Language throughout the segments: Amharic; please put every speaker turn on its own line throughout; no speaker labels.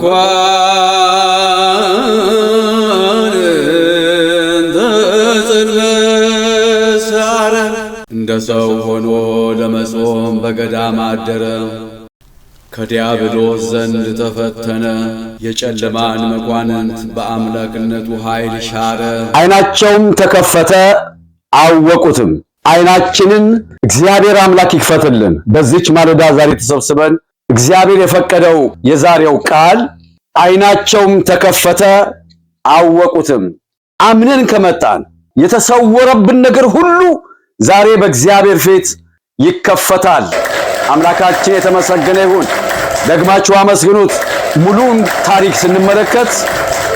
Quoi? ሰው ሆኖ ለመጾም በገዳም አደረ። ከዲያብሎስ ዘንድ ተፈተነ። የጨለማን መኳንንት በአምላክነቱ ኃይል ሻረ።
ዓይናቸውም ተከፈተ አወቁትም። ዓይናችንን እግዚአብሔር አምላክ ይክፈትልን። በዚች ማለዳ ዛሬ ተሰብስበን እግዚአብሔር የፈቀደው የዛሬው ቃል ዓይናቸውም ተከፈተ አወቁትም። አምነን ከመጣን የተሰወረብን ነገር ሁሉ ዛሬ በእግዚአብሔር ፊት ይከፈታል። አምላካችን የተመሰገነ ይሁን። ደግማችሁ አመስግኑት። ሙሉን ታሪክ ስንመለከት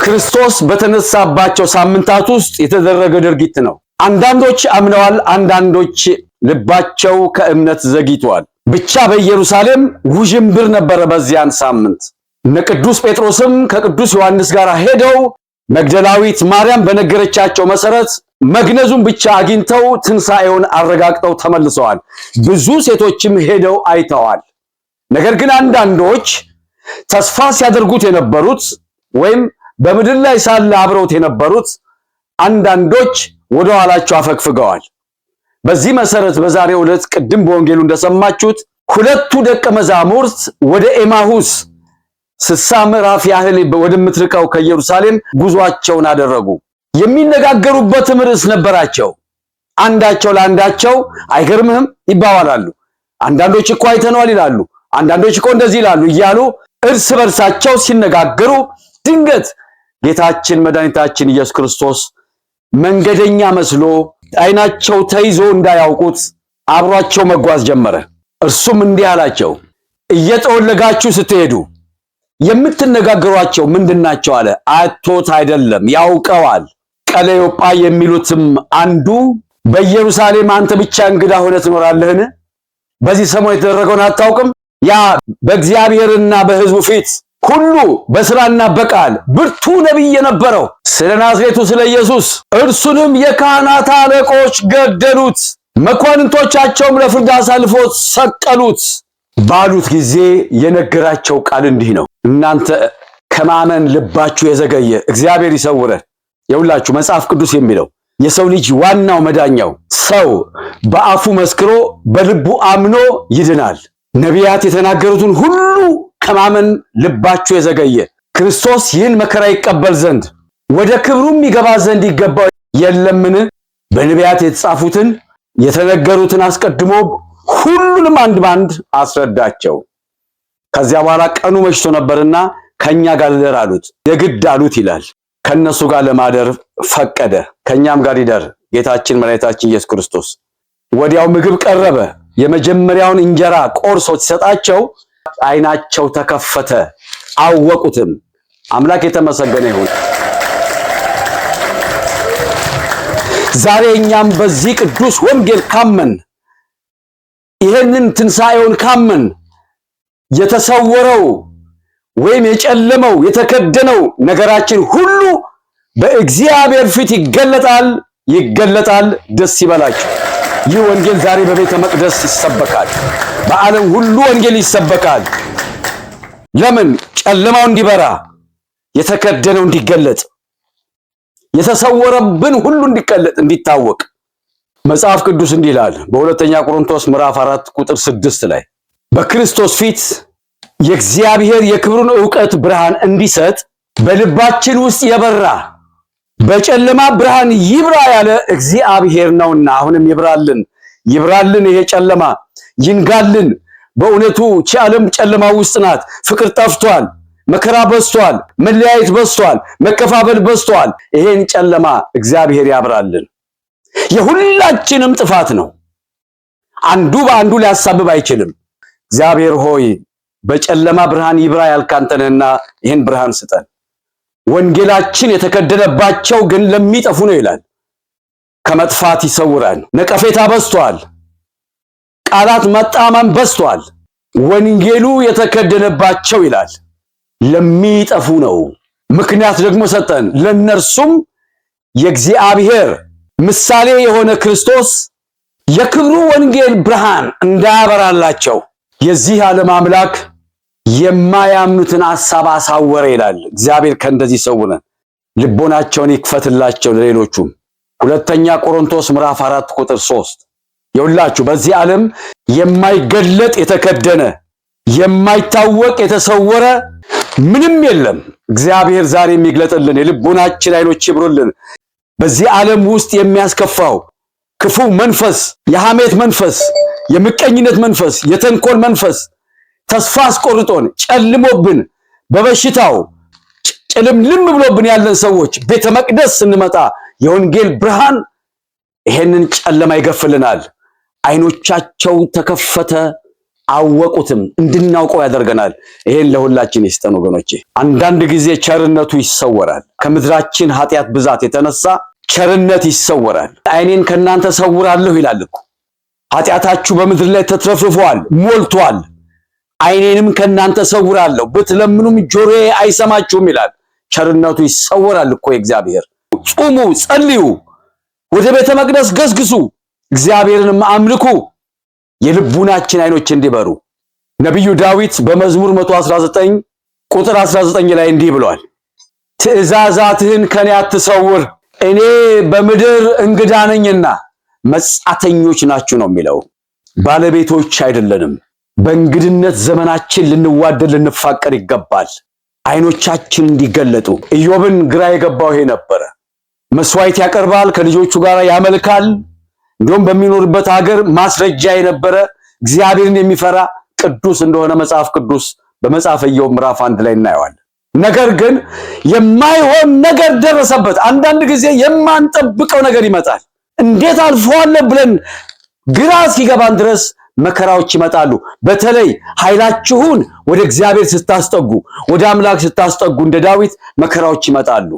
ክርስቶስ በተነሳባቸው ሳምንታት ውስጥ የተደረገ ድርጊት ነው። አንዳንዶች አምነዋል፣ አንዳንዶች ልባቸው ከእምነት ዘግይቷል። ብቻ በኢየሩሳሌም ውዥንብር ነበረ በዚያን ሳምንት። እነ ቅዱስ ጴጥሮስም ከቅዱስ ዮሐንስ ጋር ሄደው መግደላዊት ማርያም በነገረቻቸው መሰረት መግነዙን ብቻ አግኝተው ትንሣኤውን አረጋግጠው ተመልሰዋል። ብዙ ሴቶችም ሄደው አይተዋል። ነገር ግን አንዳንዶች ተስፋ ሲያደርጉት የነበሩት ወይም በምድር ላይ ሳለ አብረውት የነበሩት አንዳንዶች ወደ ኋላቸው አፈግፍገዋል። በዚህ መሰረት በዛሬው ዕለት ቅድም በወንጌሉ እንደሰማችሁት ሁለቱ ደቀ መዛሙርት ወደ ኤማሁስ ስሳ ምዕራፍ ያህል ወደምትርቀው ከኢየሩሳሌም ጉዟቸውን አደረጉ። የሚነጋገሩበትም ርዕስ ነበራቸው። አንዳቸው ለአንዳቸው አይገርምህም ይባባላሉ። አንዳንዶች እኮ አይተነዋል ይላሉ፣ አንዳንዶች እኮ እንደዚህ ይላሉ እያሉ እርስ በርሳቸው ሲነጋገሩ ድንገት ጌታችን መድኃኒታችን ኢየሱስ ክርስቶስ መንገደኛ መስሎ አይናቸው ተይዞ እንዳያውቁት አብሯቸው መጓዝ ጀመረ። እርሱም እንዲህ አላቸው፣ እየጠወለጋችሁ ስትሄዱ የምትነጋገሯቸው ምንድን ናቸው? አለ። አቶት አይደለም ያውቀዋል። ቀለዮጳ የሚሉትም አንዱ በኢየሩሳሌም አንተ ብቻ እንግዳ ሆነ ትኖራለህን? በዚህ ሰሞን የተደረገውን አታውቅም? ያ በእግዚአብሔርና በሕዝቡ ፊት ሁሉ በስራና በቃል ብርቱ ነቢይ የነበረው ስለ ናዝሬቱ ስለ ኢየሱስ እርሱንም የካህናት አለቆች ገደሉት፣ መኳንንቶቻቸውም ለፍርድ አሳልፎ ሰቀሉት ባሉት ጊዜ የነገራቸው ቃል እንዲህ ነው። እናንተ ከማመን ልባችሁ የዘገየ እግዚአብሔር ይሰውረን። የሁላችሁ መጽሐፍ ቅዱስ የሚለው የሰው ልጅ ዋናው መዳኛው ሰው በአፉ መስክሮ በልቡ አምኖ ይድናል። ነቢያት የተናገሩትን ሁሉ ከማመን ልባችሁ የዘገየ ክርስቶስ ይህን መከራ ይቀበል ዘንድ ወደ ክብሩም ይገባ ዘንድ ይገባው የለምን? በነቢያት የተጻፉትን የተነገሩትን አስቀድሞ ሁሉንም አንድ በአንድ አስረዳቸው። ከዚያ በኋላ ቀኑ መሽቶ ነበርና ከእኛ ጋር እደር አሉት። የግድ አሉት ይላል። ከነሱ ጋር ለማደር ፈቀደ። ከኛም ጋር ይደር ጌታችን መድኃኒታችን ኢየሱስ ክርስቶስ። ወዲያው ምግብ ቀረበ። የመጀመሪያውን እንጀራ ቆርሶ ሲሰጣቸው አይናቸው ተከፈተ፣ አወቁትም። አምላክ የተመሰገነ ይሁን። ዛሬ እኛም በዚህ ቅዱስ ወንጌል ካመን ይህንን ትንሣኤውን ካመን የተሰወረው ወይም የጨለመው የተከደነው ነገራችን ሁሉ በእግዚአብሔር ፊት ይገለጣል ይገለጣል። ደስ ይበላችሁ። ይህ ወንጌል ዛሬ በቤተ መቅደስ ይሰበካል። በዓለም ሁሉ ወንጌል ይሰበካል። ለምን? ጨለማው እንዲበራ፣ የተከደነው እንዲገለጥ፣ የተሰወረብን ሁሉ እንዲገለጥ፣ እንዲታወቅ መጽሐፍ ቅዱስ እንዲህ ይላል በሁለተኛ ቆሮንቶስ ምዕራፍ አራት ቁጥር ስድስት ላይ በክርስቶስ ፊት የእግዚአብሔር የክብሩን ዕውቀት ብርሃን እንዲሰጥ በልባችን ውስጥ የበራ በጨለማ ብርሃን ይብራ ያለ እግዚአብሔር ነውና አሁንም ይብራልን፣ ይብራልን፣ ይሄ ጨለማ ይንጋልን። በእውነቱ ዓለም ጨለማ ውስጥ ናት። ፍቅር ጠፍቷል። መከራ በዝቷል። መለያየት በዝቷል። መከፋበል በዝቷል። ይሄን ጨለማ እግዚአብሔር ያብራልን። የሁላችንም ጥፋት ነው። አንዱ በአንዱ ሊያሳብብ አይችልም። እግዚአብሔር ሆይ በጨለማ ብርሃን ይብራ ያልካንተንህና ይህን ብርሃን ስጠን። ወንጌላችን የተከደነባቸው ግን ለሚጠፉ ነው ይላል። ከመጥፋት ይሰውራል። ነቀፌታ በዝቷል። ቃላት መጣመም በዝቷል። ወንጌሉ የተከደነባቸው ይላል ለሚጠፉ ነው። ምክንያት ደግሞ ሰጠን። ለእነርሱም የእግዚአብሔር ምሳሌ የሆነ ክርስቶስ የክብሩ ወንጌል ብርሃን እንዳያበራላቸው የዚህ ዓለም አምላክ የማያምኑትን ሐሳብ አሳወረ ይላል። እግዚአብሔር ከእንደዚህ ይሰውረን፣ ልቦናቸውን ይክፈትላቸው ለሌሎቹም። ሁለተኛ ቆሮንቶስ ምዕራፍ አራት ቁጥር ሶስት የሁላችሁ በዚህ ዓለም የማይገለጥ የተከደነ የማይታወቅ የተሰወረ ምንም የለም። እግዚአብሔር ዛሬ የሚግለጥልን የልቦናችን አይኖች ይብሩልን። በዚህ ዓለም ውስጥ የሚያስከፋው ክፉ መንፈስ፣ የሐሜት መንፈስ፣ የምቀኝነት መንፈስ፣ የተንኮል መንፈስ ተስፋ አስቆርጦን ጨልሞብን በበሽታው ጭልምልም ብሎብን ያለን ሰዎች ቤተ መቅደስ ስንመጣ የወንጌል ብርሃን ይሄንን ጨለማ ይገፍልናል። አይኖቻቸው ተከፈተ፣ አወቁትም፣ እንድናውቀው ያደርገናል። ይሄን ለሁላችን ይስጠን ወገኖቼ። አንዳንድ ጊዜ ቸርነቱ ይሰወራል። ከምድራችን ኃጢአት ብዛት የተነሳ ቸርነት ይሰወራል። አይኔን ከእናንተ ሰውራለሁ ይላል እኮ ኃጢአታችሁ በምድር ላይ ተትረፍርፏል፣ ሞልቷል አይኔንም ከእናንተ ሰውራለሁ፣ ብትለምኑም ጆሮዬ አይሰማችሁም ይላል። ቸርነቱ ይሰወራል እኮ እግዚአብሔር ጹሙ፣ ጸልዩ፣ ወደ ቤተ መቅደስ ገስግሱ፣ እግዚአብሔርንም አምልኩ፣ የልቡናችን አይኖች እንዲበሩ። ነቢዩ ዳዊት በመዝሙር 119 ቁጥር 19 ላይ እንዲህ ብሏል፣ ትእዛዛትህን ከኔ አትሰውር፣ እኔ በምድር እንግዳ ነኝና መጻተኞች ናችሁ ነው የሚለው። ባለቤቶች አይደለንም። በእንግድነት ዘመናችን ልንዋደድ ልንፋቀር ይገባል። አይኖቻችን እንዲገለጡ። ኢዮብን ግራ የገባው ይሄ ነበረ። መስዋዕት ያቀርባል፣ ከልጆቹ ጋር ያመልካል። እንዲሁም በሚኖርበት ሀገር ማስረጃ የነበረ እግዚአብሔርን የሚፈራ ቅዱስ እንደሆነ መጽሐፍ ቅዱስ በመጽሐፈ ኢዮብ ምዕራፍ አንድ ላይ እናየዋለን። ነገር ግን የማይሆን ነገር ደረሰበት። አንዳንድ ጊዜ የማንጠብቀው ነገር ይመጣል። እንዴት አልፈዋለሁ ብለን ግራ እስኪገባን ድረስ መከራዎች ይመጣሉ። በተለይ ኃይላችሁን ወደ እግዚአብሔር ስታስጠጉ፣ ወደ አምላክ ስታስጠጉ እንደ ዳዊት መከራዎች ይመጣሉ።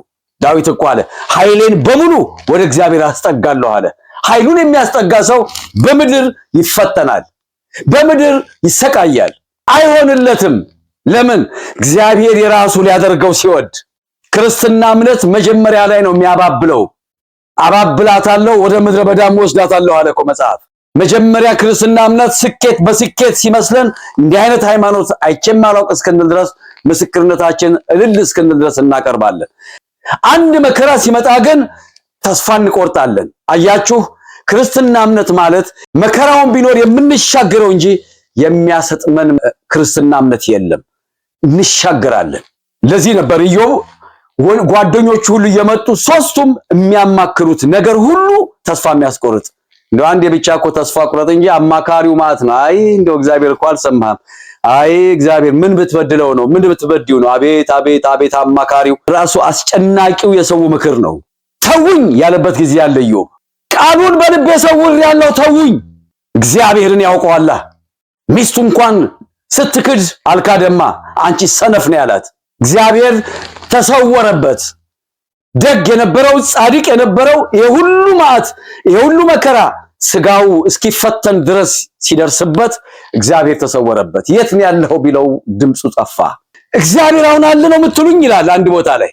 ዳዊት እኮ አለ ኃይሌን በሙሉ ወደ እግዚአብሔር አስጠጋለሁ አለ። ኃይሉን የሚያስጠጋ ሰው በምድር ይፈተናል፣ በምድር ይሰቃያል፣ አይሆንለትም። ለምን? እግዚአብሔር የራሱ ሊያደርገው ሲወድ። ክርስትና እምነት መጀመሪያ ላይ ነው የሚያባብለው። አባብላታለሁ ወደ ምድረ በዳም ወስዳታለሁ አለ እኮ መጽሐፍ መጀመሪያ ክርስትና እምነት ስኬት በስኬት ሲመስለን እንዲህ አይነት ሃይማኖት አይቼም አላውቅ እስክንል ድረስ ምስክርነታችን እልል እስክንል ድረስ እናቀርባለን። አንድ መከራ ሲመጣ ግን ተስፋ እንቆርጣለን። አያችሁ፣ ክርስትና እምነት ማለት መከራውን ቢኖር የምንሻገረው እንጂ የሚያሰጥመን ክርስትና እምነት የለም። እንሻገራለን። ለዚህ ነበር ኢዮብ ጓደኞቹ ሁሉ እየመጡ ሶስቱም የሚያማክሩት ነገር ሁሉ ተስፋ የሚያስቆርጥ እንደ አንድ የብቻ እኮ ተስፋ ቁረጥ እንጂ አማካሪው ማለት ነው። አይ እንደው እግዚአብሔር እኮ አልሰማህም። አይ እግዚአብሔር ምን ብትበድለው ነው? ምን ብትበድዩ ነው? አቤት አቤት አቤት! አማካሪው ራሱ አስጨናቂው የሰው ምክር ነው። ተውኝ ያለበት ጊዜ ያለዩ ቃሉን በልብ ሰውር ያለው ተውኝ። እግዚአብሔርን ያውቀዋላ። ሚስቱ እንኳን ስትክድ አልካደማ። አንቺ ሰነፍ ነው ያላት። እግዚአብሔር ተሰወረበት። ደግ የነበረው ጻድቅ የነበረው የሁሉ መዓት የሁሉ መከራ ስጋው እስኪፈተን ድረስ ሲደርስበት እግዚአብሔር ተሰወረበት። የት ነው ያለው ቢለው ድምፁ ጠፋ። እግዚአብሔር አሁን አለ ነው የምትሉኝ ይላል አንድ ቦታ ላይ።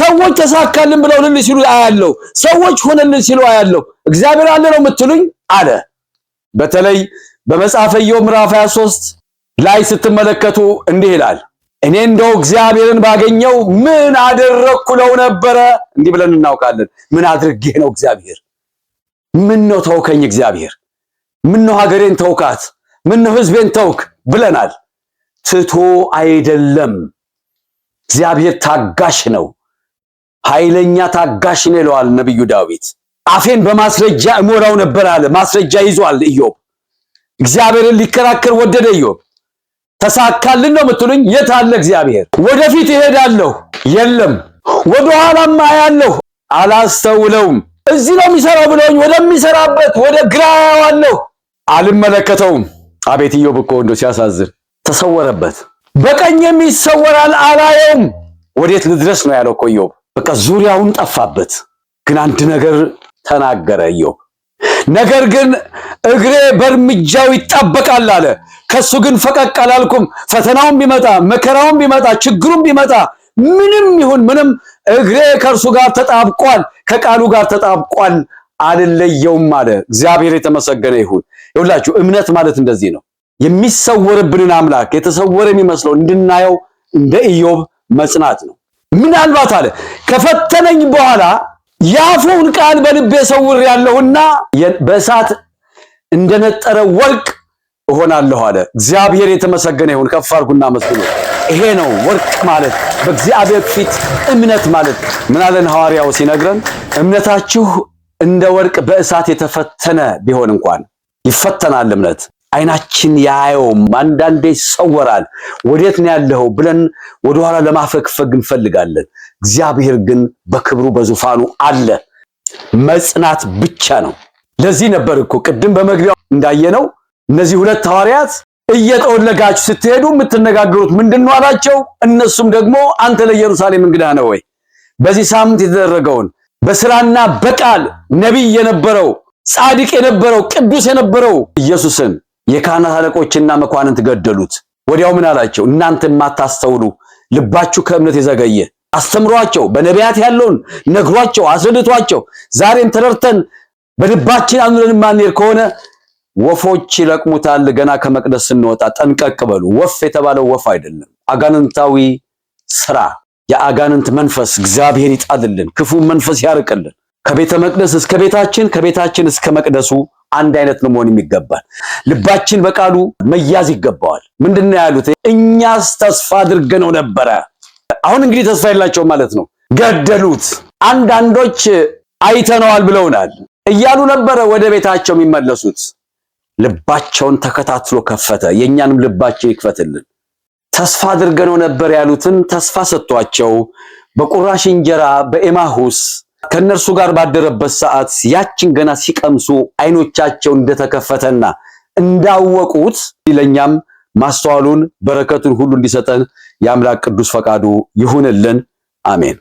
ሰዎች ተሳካልን ብለው ልል ሲሉ አያለው፣ ሰዎች ሆነልን ሲሉ አያለው። እግዚአብሔር አለ ነው የምትሉኝ አለ። በተለይ በመጽሐፈ ኢዮብ ምዕራፍ 23 ላይ ስትመለከቱ እንዲህ ይላል እኔ እንደው እግዚአብሔርን ባገኘው ምን አደረግኩለው ነበረ? እንዲህ ብለን እናውቃለን። ምን አድርጌ ነው እግዚአብሔር? ምን ነው ተውከኝ እግዚአብሔር፣ ምን ነው ሀገሬን ተውካት፣ ምን ነው ህዝቤን ተውክ ብለናል። ትቶ አይደለም እግዚአብሔር ታጋሽ ነው። ኃይለኛ ታጋሽ ነው ይለዋል ነቢዩ ዳዊት። አፌን በማስረጃ እሞላው ነበር አለ። ማስረጃ ይዟል ኢዮብ። እግዚአብሔርን ሊከራከር ወደደ ኢዮብ ተሳካልን ነው የምትሉኝ? የት አለ እግዚአብሔር? ወደፊት ይሄዳለሁ የለም፣ ወደኋላም ያለሁ አላስተውለውም። እዚህ ነው የሚሰራው ብለውኝ ወደሚሰራበት ወደ ግራ አልመለከተውም። አቤት ኢዮብ እኮ ሲያሳዝን ተሰወረበት። በቀኝ ይሰወራል አላየውም። ወዴት ልድረስ ነው ያለው እኮ ኢዮብ። በቃ ዙሪያውን ጠፋበት። ግን አንድ ነገር ተናገረ ኢዮብ ነገር ግን እግሬ በእርምጃው ይጣበቃል አለ። ከሱ ግን ፈቀቅ አላልኩም። ፈተናውም ቢመጣ መከራውም ቢመጣ ችግሩም ቢመጣ ምንም ይሁን ምንም እግሬ ከእርሱ ጋር ተጣብቋል፣ ከቃሉ ጋር ተጣብቋል፣ አልለየውም አለ። እግዚአብሔር የተመሰገነ ይሁን። ይሁላችሁ እምነት ማለት እንደዚህ ነው። የሚሰወርብንን አምላክ የተሰወረ የሚመስለው እንድናየው እንደ ኢዮብ መጽናት ነው። ምናልባት አለ ከፈተነኝ በኋላ ያፉን ቃል በልቤ ሰውር ያለሁና በእሳት እንደነጠረ ወርቅ እሆናለሁ አለ። እግዚአብሔር የተመሰገነ ይሁን። ከፍ አድርጉና መስግኑ። ይሄ ነው ወርቅ ማለት በእግዚአብሔር ፊት እምነት ማለት። ምናለን ሐዋርያው ሲነግረን፣ እምነታችሁ እንደ ወርቅ በእሳት የተፈተነ ቢሆን እንኳን ይፈተናል። እምነት አይናችን ያየውም አንዳንዴ ይሰወራል። ወዴት ነው ያለኸው ብለን ወደኋላ ለማፈግፈግ እንፈልጋለን። እግዚአብሔር ግን በክብሩ በዙፋኑ አለ። መጽናት ብቻ ነው። ለዚህ ነበር እኮ ቅድም በመግቢያው እንዳየነው እነዚህ ሁለት ሐዋርያት እየጠወለጋችሁ ስትሄዱ የምትነጋገሩት ምንድን ነው አላቸው። እነሱም ደግሞ አንተ ለኢየሩሳሌም እንግዳ ነው ወይ? በዚህ ሳምንት የተደረገውን በስራና በቃል ነቢይ የነበረው ጻድቅ የነበረው ቅዱስ የነበረው ኢየሱስን የካህናት አለቆችና መኳንንት ገደሉት። ወዲያው ምን አላቸው? እናንተ የማታስተውሉ ልባችሁ ከእምነት የዘገየ አስተምሯቸው በነቢያት ያለውን ነግሯቸው አስረድቷቸው ዛሬም ተረድተን በልባችን አኑረን ማንሄድ ከሆነ ወፎች ይለቅሙታል። ገና ከመቅደስ ስንወጣ ጠንቀቅ በሉ። ወፍ የተባለው ወፍ አይደለም፣ አጋንንታዊ ስራ፣ የአጋንንት መንፈስ እግዚአብሔር ይጣልልን፣ ክፉን መንፈስ ያርቅልን። ከቤተ መቅደስ እስከ ቤታችን፣ ከቤታችን እስከ መቅደሱ አንድ አይነት ነው መሆን የሚገባል። ልባችን በቃሉ መያዝ ይገባዋል። ምንድን ነው ያሉት? እኛስ ተስፋ አድርገነው ነበረ አሁን እንግዲህ ተስፋ የላቸው ማለት ነው። ገደሉት። አንዳንዶች አይተነዋል ብለውናል እያሉ ነበረ ወደ ቤታቸው የሚመለሱት። ልባቸውን ተከታትሎ ከፈተ። የእኛንም ልባቸው ይክፈትልን። ተስፋ አድርገነው ነበር ያሉትን ተስፋ ሰጥቷቸው በቁራሽ እንጀራ በኤማሁስ ከእነርሱ ጋር ባደረበት ሰዓት ያችን ገና ሲቀምሱ አይኖቻቸው እንደተከፈተና እንዳወቁት ለእኛም ማስተዋሉን በረከቱን ሁሉ እንዲሰጠን የአምላክ ቅዱስ ፈቃዱ ይሁንልን። አሜን።